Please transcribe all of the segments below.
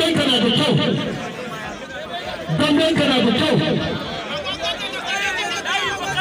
damben kana da kyau damben kana da kyau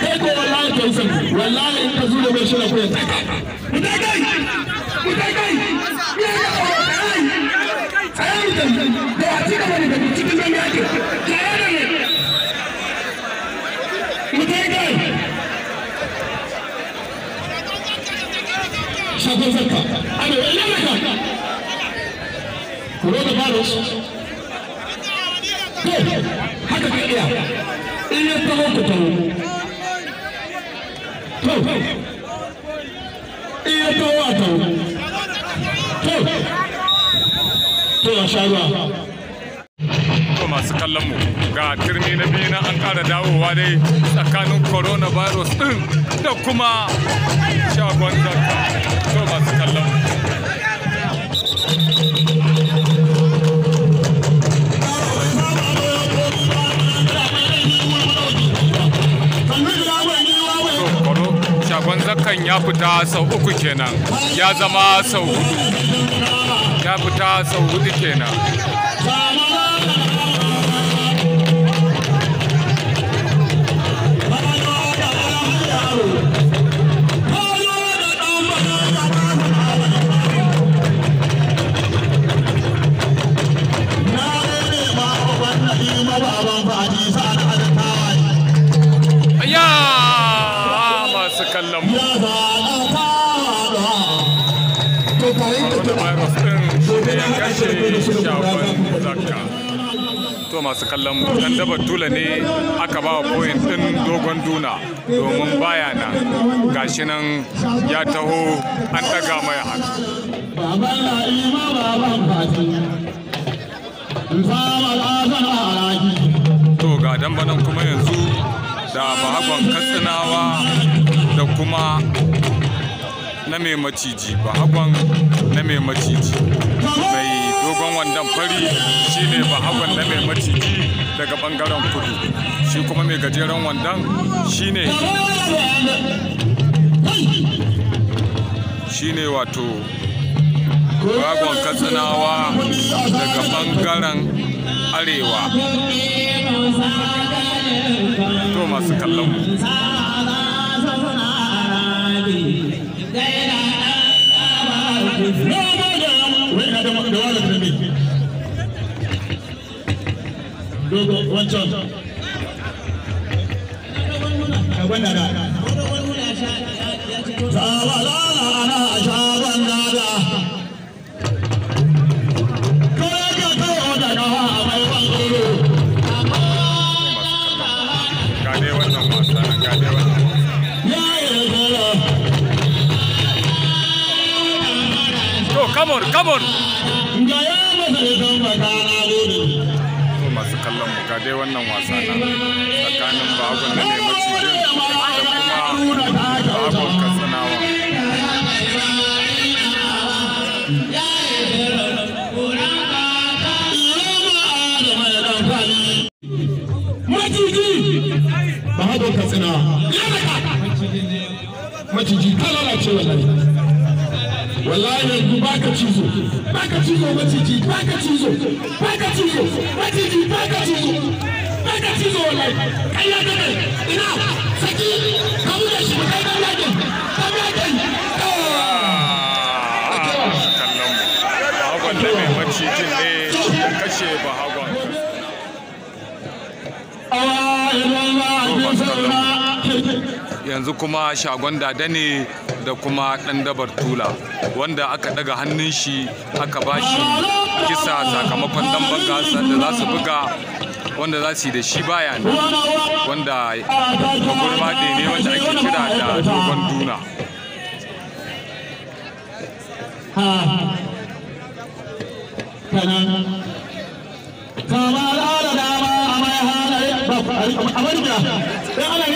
kai ko wallahi ka yi sani wallahi in ka zura mai shirin kuwa mutai kai mutai kai me ya kawo kai tsaye mutai da ya ci gaba da cikin zan yake tsaye da ne mutai kai shagon zakka ana wani ka. coronavirus to masu kallon ga na biyu na an dawowa dai tsakanin coronavirus ɗin da kuma shagon zakka to masu kallon ya fita sau uku kenan ya zama sau hudu ya fita sau hudu kenan Baba, Baba, Baba, Baba, kallon mu coronavirus ɗin da ya kashe shafin zakka to masu kallon mu dan daba tula ne aka ba wa point ɗin dogon duna domin baya na gashi nan ya taho an ɗaga mai hannu to ga dambanan kuma yanzu da bahagon katsinawa kuma na mai maciji bahagon na mai maciji mai dogon wandon fari shine bahagon na mai maciji daga bangaren kudu shi kuma mai gajeren wandon shine ne wato bahagon katsinawa daga bangaren arewa to masu kallon mu dogo wancan ka gwada on come on masu kallon mu ga dai wannan wasa na tsakanin babun da mai macijin da kuma babun katsinawa maciji babun katsinawa maciji wallahi yanzu baka cizo baka cizo maciji baka cizo baka cizo maciji baka cizo baka cizo wallahi kai ya ina saki ka wuce yanzu kuma shagon dada ne da kuma ɗan dabar tula wanda aka daga hannun shi aka bashi kisa sakamakon dan banga da za su buga wanda za su yi da shi baya ne wanda kuma ne wanda ake kira da dogon duna Kama al'ada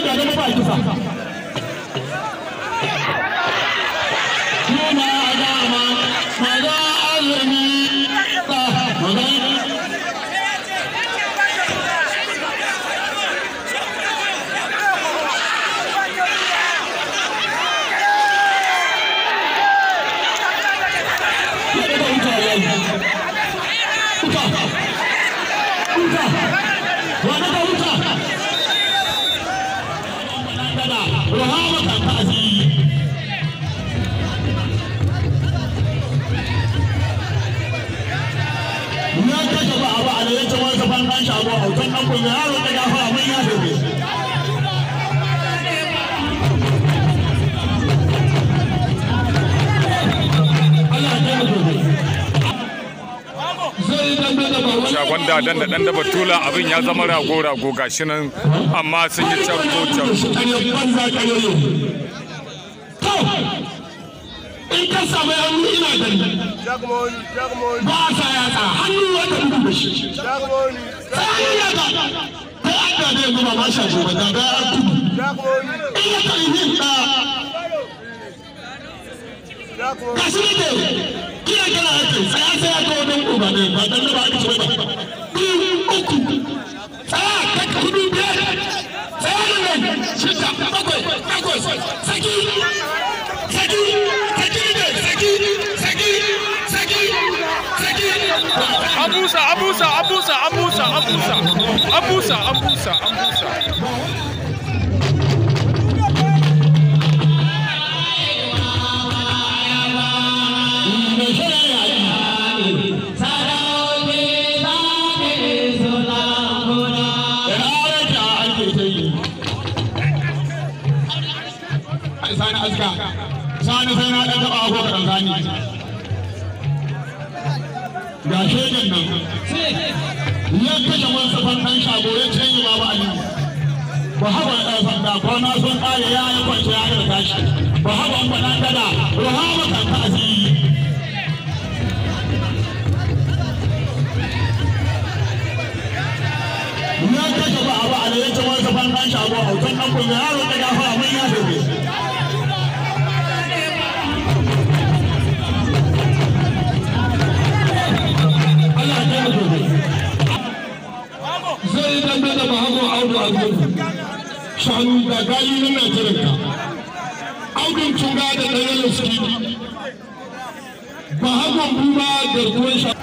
a da a kisa. ku da dan da dan da batula abin ya zama rago rago gashi nan amma sun yi charko in ka samu hannu ina gani ba sa yatsa hannu wata mutum da shi Allah zai ma shi ne ne ba saki abusa abusa abusa abusa abusa abusa abusa abusa Sani aska, sani sai na ɗan ga shegen nan ya kashe wasu ɗan shago ya ce yi babu ali ba haɓa ɗan sanda kwana sun ƙare ya yi kwanci ya yi tashi ba haɓa ba ɗan gada rahama kan ta asiri ya kashe ba abu ali ya ce wasu ɗan shago hautan ɗan kuma yaro ta gafa albarku shanu da gayi na najeranka audun tunga da ɗanyen suke ba hagon kuma garkuwar shanu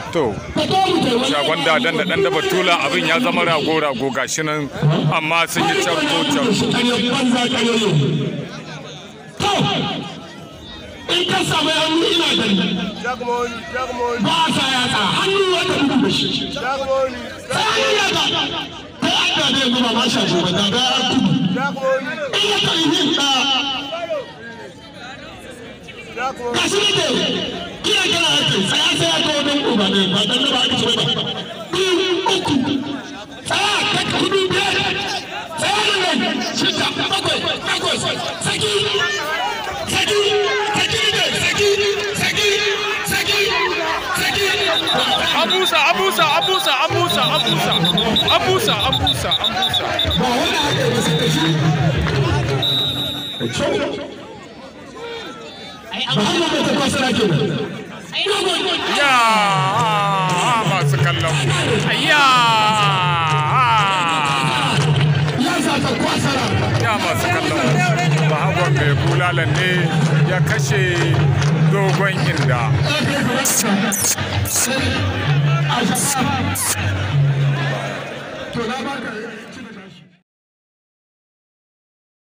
shagon da dan da dan da batula abin ya zama rago rago gashi nan amma sun yi carko carko in ka samu hannu ina gani ba sa yatsa hannu wata mutu da shi sai ya Allah ne ba ma sha ya ta shi ne ake ne ba dan ba ake ba ta saki saki saki ne saki saki saki saki abusa abusa abusa abusa abusa abusa abusa da kyau musamman da ta masu kallon masu kallon mai bulalan ne ya kashe dogon inda